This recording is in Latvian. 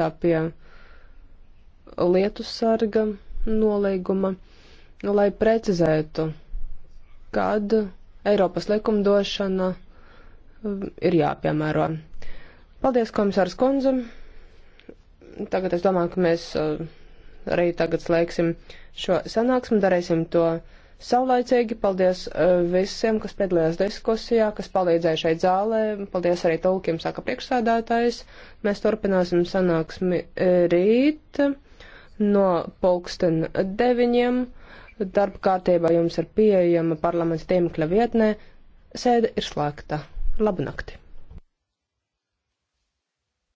strādā pie lietu sarga nolīguma, lai precizētu, kad Eiropas likumdošana um, ir jāpiemēro. Paldies, komisārs Konze. Tagad es domāju, ka mēs uh, arī tagad slēgsim šo sanāksmu, darīsim to saulaicīgi. Paldies uh, visiem, kas piedalījās diskusijā, kas palīdzēja šeit zālē. Paldies arī tulkiem, saka priekšsēdētājs. Mēs turpināsim sanāksmi uh, rīt no pulksten deviņiem. Darba kārtībā jums ir pieejama parlamenta tiemekļa vietnē. Sēde ir slēgta. Labu nakti!